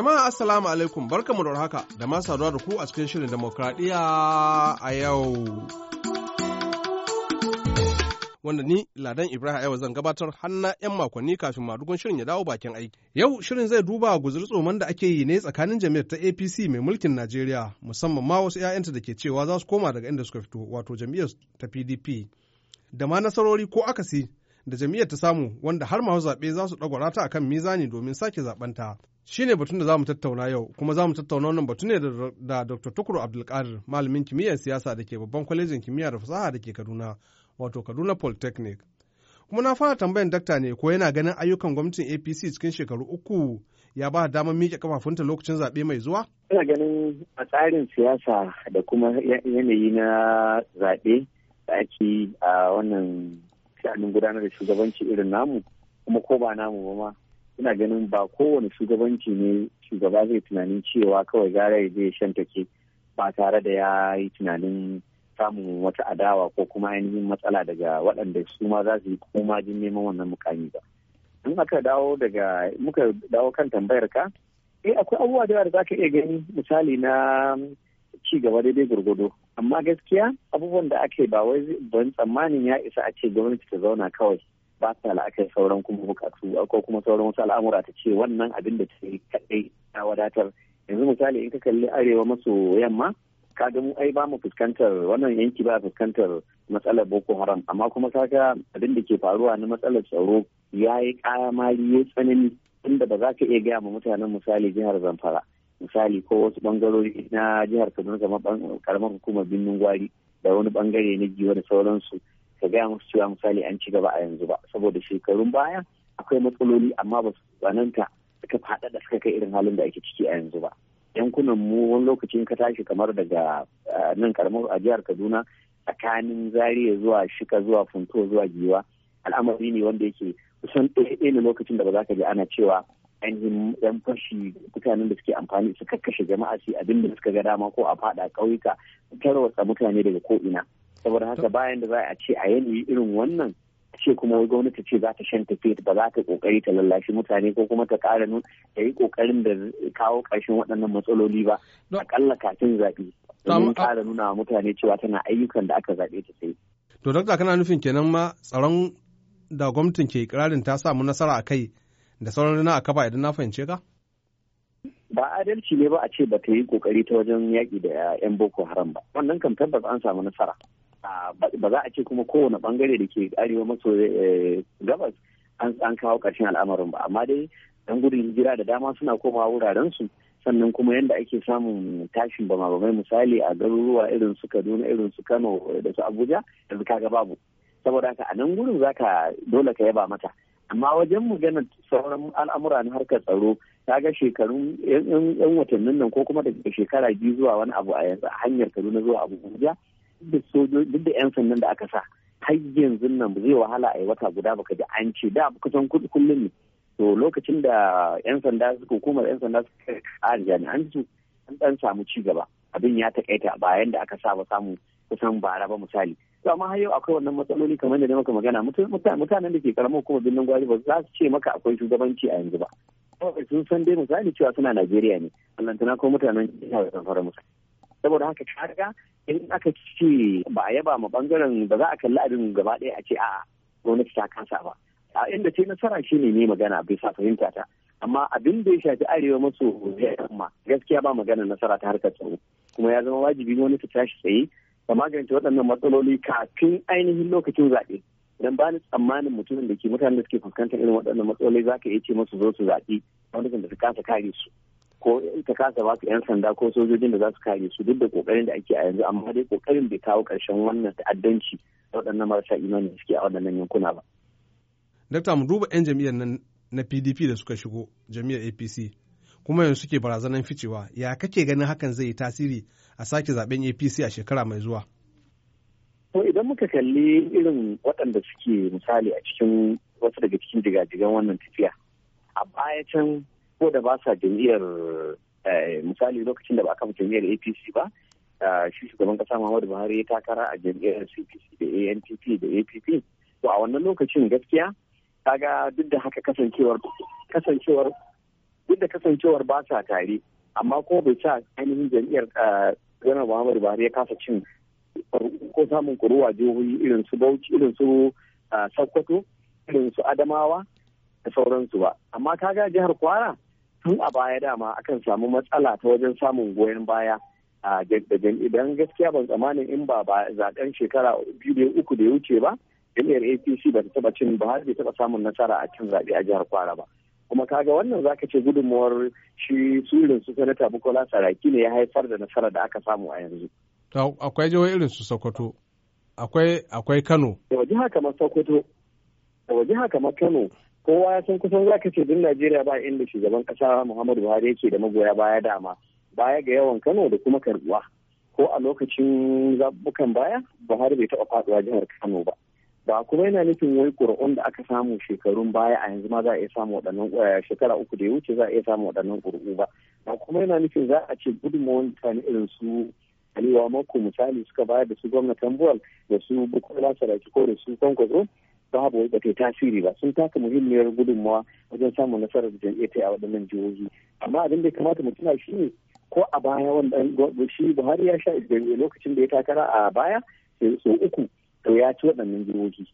Jama'a Assalamu alaikum barkamu da haka da ma saduwa da ku a cikin shirin demokradiyya a yau. Wanda ni Ladan Ibrahim yau zan gabatar hanna 'yan makonni kafin madugun shirin ya dawo bakin aiki. Yau shirin zai duba guzuri tsoman da ake yi ne tsakanin jami'ar ta APC mai mulkin Najeriya musamman ma wasu 'ya'yanta da ke cewa za su koma daga inda suka fito wato jami'ar ta PDP. Da ma nasarori ko akasi da jami'ar ta samu wanda har masu zaɓe za su ɗagwara ta akan mizani domin sake ta. shi ne batun da za mu tattauna yau kuma za mu tattauna wannan batun ne da dr tukuru abdulkadir malamin kimiyyar siyasa da ke babban kwalejin kimiyya da fasaha da ke kaduna wato kaduna polytechnic kuma na fara tambayan dakta ne ko yana ganin ayyukan gwamnatin apc cikin shekaru uku ya ba damar miƙe kafafunta lokacin zaɓe mai zuwa? Ina ganin a tsarin siyasa da kuma yanayi na zaɓe da ake a wannan sha'anin gudanar da shugabanci irin namu kuma ko ba namu ba ma ina ganin ba kowane shugabanci ne shugaba zai tunanin cewa kawai gara ya je shantake ba tare da ya yi tunanin samun wata adawa ko kuma ainihin matsala daga waɗanda su ma za su yi koma jin neman wannan mukami ba in aka dawo daga muka dawo kan tambayar ka eh akwai abubuwa da za ka iya gani misali na ci gaba daidai gurgudu amma gaskiya abubuwan da ake ba wai ban tsammanin ya isa a ce gwamnati ta zauna kawai ba ta la'akar sauran kuma bukatu ko kuma sauran wasu al'amura ta ce wannan abin da ta yi kaɗai ta wadatar yanzu misali in ka kalli arewa maso yamma ka ga mu ai ba mu fuskantar wannan yanki ba fuskantar matsalar boko haram amma kuma ga abin da ke faruwa na matsalar tsaro ya yi kamari ya tsanani inda ba za ka iya gaya ma mutanen misali jihar zamfara misali ko wasu bangarori na jihar kaduna kamar karamar hukumar birnin gwari da wani bangare na giwa da sauransu ka gaya musu cewa misali an ci gaba a yanzu ba saboda shekarun baya akwai matsaloli amma ba su tsananta suka faɗa da suka kai irin halin da ake ciki a yanzu ba yankunan mu wani lokacin ka tashi kamar daga eh, nan karamar a jihar kaduna tsakanin zaria zuwa shika zuwa funto zuwa giwa al'amari ne wanda yake kusan ɗaya ne lokacin da ba za ka ji ana cewa ainihin yan fashi mutanen da suke amfani su kakkashe jama'a su abinda da suka ga dama ko a faɗa ƙauyuka tarwatsa mutane daga ko'ina saboda haka bayan da za a ce a yanayi irin wannan ce kuma wai gwamnati ce za ta shan tafiya ba za ta kokari ta lallashi mutane ko kuma ta kara nun ta yi kokarin da kawo ƙarshen waɗannan matsaloli ba akalla kafin zaɓe domin kara nuna wa mutane cewa tana ayyukan da aka zaɓe ta sai. to dakta kana nufin kenan ma tsaron da gwamnatin ke ikirarin ta samu nasara a kai da sauran na a kafa idan na fahimce ka. ba adalci ne ba a ce ba ta yi kokari ta wajen yaƙi da 'yan boko haram ba wannan kan tabbas an samu nasara ba za a ce kuma kowane bangare da ke arewa maso eh, gabas an kawo karshen al'amarin ba amma dai dan gudun hijira da dama suna komawa wuraren su sannan kuma yadda ake samun tashin bama mai misali a garuruwa irin su kaduna irin su kano da su abuja yanzu kaga babu saboda haka a nan gurin zaka dole ka yaba mata amma wajen maganar sauran al'amura na harkar tsaro ta ga shekarun yan watannin nan ko kuma daga shekara biyu zuwa wani abu a yanzu a hanyar kaduna zuwa abuja da sojoji duk da 'yan sandan da aka sa har yanzu nan zai wahala a yi wata guda baka ji an ce da kusan kullum ne to lokacin da 'yan sanda suka hukumar 'yan sanda suka kare jami'an su an dan samu ci gaba abin ya takaita bayan da aka saba samu kusan bara ba misali to amma har yau akwai wannan matsaloli kamar da maka magana mutanen da ke karamar kuma birnin gwari ba za su ce maka akwai shugabanci a yanzu ba sun san dai misali cewa suna najeriya ne allantana ko mutanen jihar fara misali saboda haka kaga in aka ce ba a yaba ma bangaren ba za a kalli abin gaba ɗaya a ce a'a gwamnati ta kasa ba a inda ce nasara shi ne ne magana bisa fahimta ta amma abin da ya shafi arewa maso yamma gaskiya ba magana nasara ta harkar tsaro kuma ya zama wajibi wani ta tashi tsaye ka magance waɗannan matsaloli kafin ainihin lokacin zaɓe idan ba ni tsammanin mutumin da ke mutanen da suke fuskantar irin waɗannan matsaloli za ka iya ce masu zo su zaɓi wani da su kasa kare su ko ita kasa ba su 'yan sanda ko sojojin da za su kare su duk da kokarin da ake a yanzu amma dai kokarin bai kawo karshen wannan ta'addanci da waɗannan marasa imani suke a waɗannan yankuna ba. Dakta mu duba 'yan jam'iyyar nan na PDP da suka shigo jam'iyyar APC kuma yanzu suke barazanar ficewa ya kake ganin hakan zai yi tasiri a sake zaben APC a shekara mai zuwa. ko idan muka kalli irin waɗanda suke misali a cikin wasu daga cikin jigajigan wannan tafiya a baya can ko da ba sa jam'iyyar eh, misali lokacin da ba kafa jam'iyyar apc ba eh, shi shugaban kasa muhammadu buhari ya takara a jam'iyyar cpc da antp da app to a wannan lokacin gaskiya kaga duk da haka kasancewar kasancewar duk da kasancewar ba sa tare amma ko bai sa ainihin jam'iyyar eh, ganar muhammadu buhari ya kasa cin ko samun kuruwa jihohi irin su bauchi irin su sokoto irin su adamawa da sauransu ba amma kaga jihar kwara tun a baya dama akan samu matsala ta wajen samun goyon baya a jaddajen idan gaskiya ban tsammanin in ba ba zaben shekara biyu da uku da ya wuce ba jami'ar apc ba ta taba cin ba har bai taba samun nasara a cin zaɓe a jihar kwara ba kuma kaga wannan zaka ce gudunmuwar shi surin su sanata bukola saraki ne ya haifar da nasarar da aka samu a yanzu to akwai jawo irin su sokoto akwai akwai kano da jiha kamar sokoto da jiha kamar kano kowa ya san kusan zaka ce duk najeriya ba inda shugaban kasa muhammadu buhari yake da magoya baya dama baya ga yawan kano da kuma karbuwa ko a lokacin zabukan baya buhari bai taɓa faɗuwa jihar kano ba ba kuma yana nufin wai ƙuri'un da aka samu shekarun baya a yanzu ma za a iya samu waɗannan eh, shekara uku da ya wuce za a iya samu waɗannan ƙuri'u ba ba kuma yana nufin za a ce gudunmawar mutane irin su aliwa mako misali suka bayar da su gwamnatin buwal da su bukola saraki ko da su kwankwaso don haka ba ta tasiri ba sun taka muhimmiyar gudunmawa wajen samun nasarar jam'iyyar ta a waɗannan jihohi amma abin da ya kamata mu tuna shi ne ko a baya wanda shi Buhari ya sha lokacin da ya takara a baya sau uku to ya ci waɗannan jihohi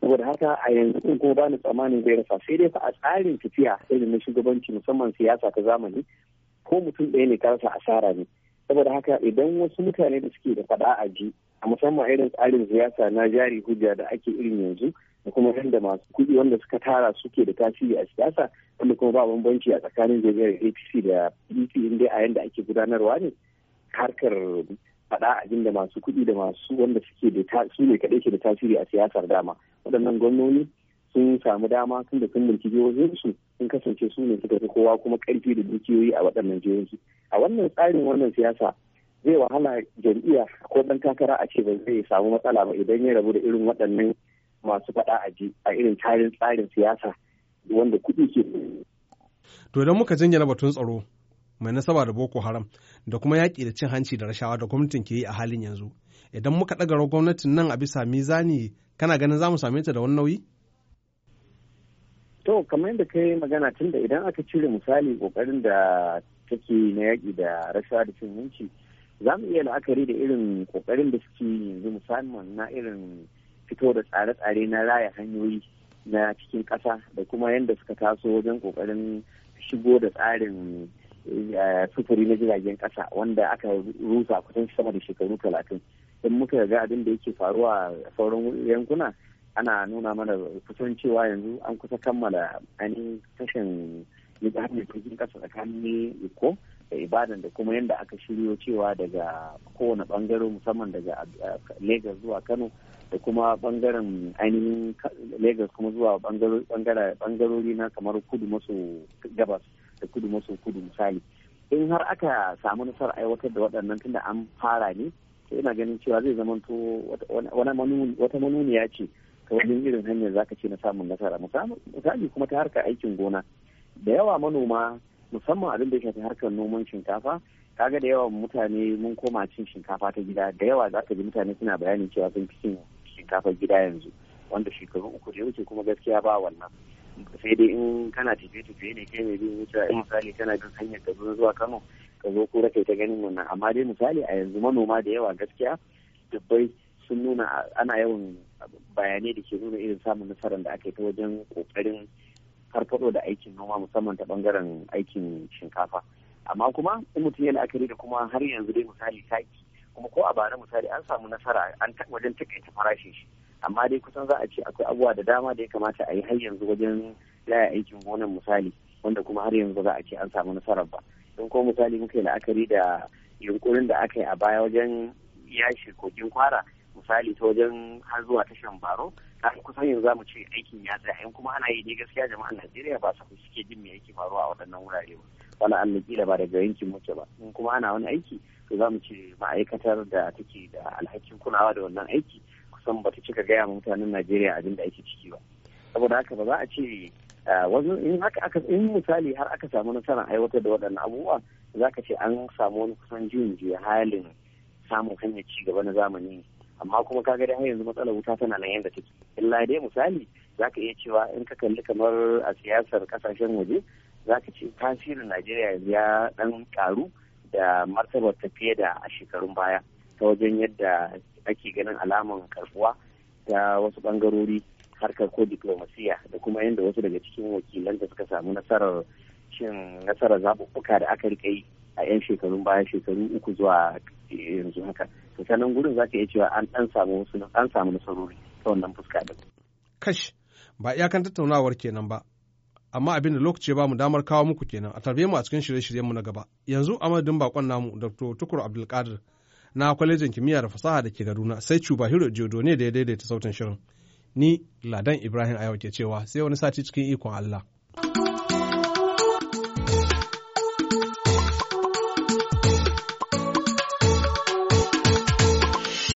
saboda haka a yanzu in kuma bani tsammanin zai rasa sai dai fa a tsarin tafiya sai na shugabanci musamman siyasa ta zamani ko mutum ɗaya ne ka rasa asara ne saboda haka idan wasu mutane da suke da faɗa a ji a musamman irin tsarin siyasa na jari hujja da ake irin yanzu da kuma yadda masu kuɗi wanda suka tara suke da tasiri a siyasa wanda kuma ba bambanci a tsakanin jami'ar apc da pdp dai a yadda ake gudanarwa ne harkar faɗa abin da masu kuɗi da masu wanda suke da su ne kaɗai ke da tasiri a siyasar dama waɗannan gwamnoni sun samu dama tun da sun mulki su sun kasance su ne suka fi kowa kuma ƙarfi da dukiyoyi a waɗannan jihohi a wannan tsarin wannan siyasa zai wahala jam'iyya ko ɗan takara a ce ba zai samu matsala ba idan ya rabu da irin waɗannan masu faɗa a a irin tarin tsarin siyasa wanda kuɗi ke. To idan muka jingina batun tsaro mai nasaba da Boko Haram da kuma yaƙi da cin hanci da rashawa da gwamnatin ke yi a halin yanzu. Idan muka ɗagara gwamnatin nan a bisa mizani kana ganin za mu same ta da wani nauyi? To kamar yadda ka yi magana tun da idan aka cire misali ƙoƙarin da take na yaƙi da rashawa da cin hanci za mu iya la'akari da irin ƙoƙarin da suke yanzu musamman na irin fito da tsare-tsare na raya hanyoyi na cikin ƙasa da kuma yadda suka taso wajen ƙoƙarin shigo da tsarin eh, sufuri na jiragen ƙasa wanda aka rusa kusan sama da shekaru talatin Don muka ga abin da yake faruwa a sauran yankuna ana nuna mana kusan cewa yanzu an kusa kammala ainihin tashin hannun cikin ƙasa tsakanin ko ibadan da kuma yadda aka shiryo cewa daga kowane bangare musamman daga eh, lagos zuwa kano da kuma bangaren ainihin lagos kuma zuwa bangarori na kamar kudu maso gabas da kudu maso kudu misali in har aka samu nasarar aiwatar da waɗannan tunda an fara ne to ina ganin cewa zai zama to wata manuniya ce ta wajen irin hanyar za ka ce na samun nasara misali kuma ta harkar aikin gona da yawa manoma musamman abin da ya shafi harkar noman shinkafa kaga da yawa mutane mun koma cin shinkafa ta gida da yawa za ka ji mutane suna bayani cewa sun fi cin shinkafa gida yanzu wanda shekaru uku da wuce kuma gaskiya ba wannan sai dai in kana tafiye-tafiye ne kai mai bin wuce in misali kana bin hanyar ka zo zuwa kano ka zo kura kai ta ganin wannan amma dai misali a yanzu manoma da yawa gaskiya dubbai sun nuna ana yawan bayanai da ke nuna irin samun nasarar da aka yi ta wajen kokarin farfado da aikin noma musamman ta bangaren aikin shinkafa amma kuma in mutum yana akari da kuma har yanzu dai misali taki kuma ko a bara misali an samu nasara an wajen takaita farashin shi amma dai kusan za a ce akwai abubuwa da dama da ya kamata a yi har yanzu wajen yaya aikin gonan misali wanda kuma har yanzu za a ce an samu nasarar ba don ko misali muka yi la'akari da yunkurin da aka yi a baya wajen yashi kogin kwara misali ta wajen har zuwa tashan baro fi kusan yanzu za ce aikin ya tsaya in kuma ana yi ne gaskiya jama'an najeriya ba su suke jin me yake faruwa a waɗannan wurare ba wani kila ba daga yankin muke ba in kuma ana wani aiki to za mu ce ma'aikatar da take da alhakin kulawa da wannan aiki kusan ba ta cika gaya ma mutanen najeriya abin da ake ciki ba saboda haka ba za a ce in haka aka in misali har aka samu nasarar aiwatar da waɗannan abubuwa za ka ce an samu wani kusan juyin juya halin samun hanyar ci gaba na zamani amma kuma kaga dai har yanzu matsalar wuta tana nan yadda take illa dai misali za ka iya cewa in ka kalli kamar a siyasar kasashen waje za ka ce tasirin Najeriya yanzu ya dan karu da martabar ta fiye da a shekarun baya ta wajen yadda ake ganin alaman karbuwa ta wasu bangarori harkar ko diplomasiya da kuma yadda wasu daga cikin wakilan da suka samu nasarar cin nasarar zaɓuɓɓuka da aka riƙe yi a 'yan shekarun baya shekaru uku zuwa yanzu haka to ta nan gurin ka iya cewa an dan samu wasu an samu nasarori ta wannan fuska din kash ba iyakan tattaunawar kenan ba amma abin da lokaci ba mu damar kawo muku kenan a tarbe mu a cikin shirye-shiryen na gaba yanzu a madadin bakon namu Dr. Tukur Abdulkadir na kwalejin kimiyya da fasaha da ke Kaduna sai Cuba Hiro Jodo ne da ya daidaita sautin shirin ni Ladan Ibrahim Ayawa ke cewa sai wani sati cikin ikon Allah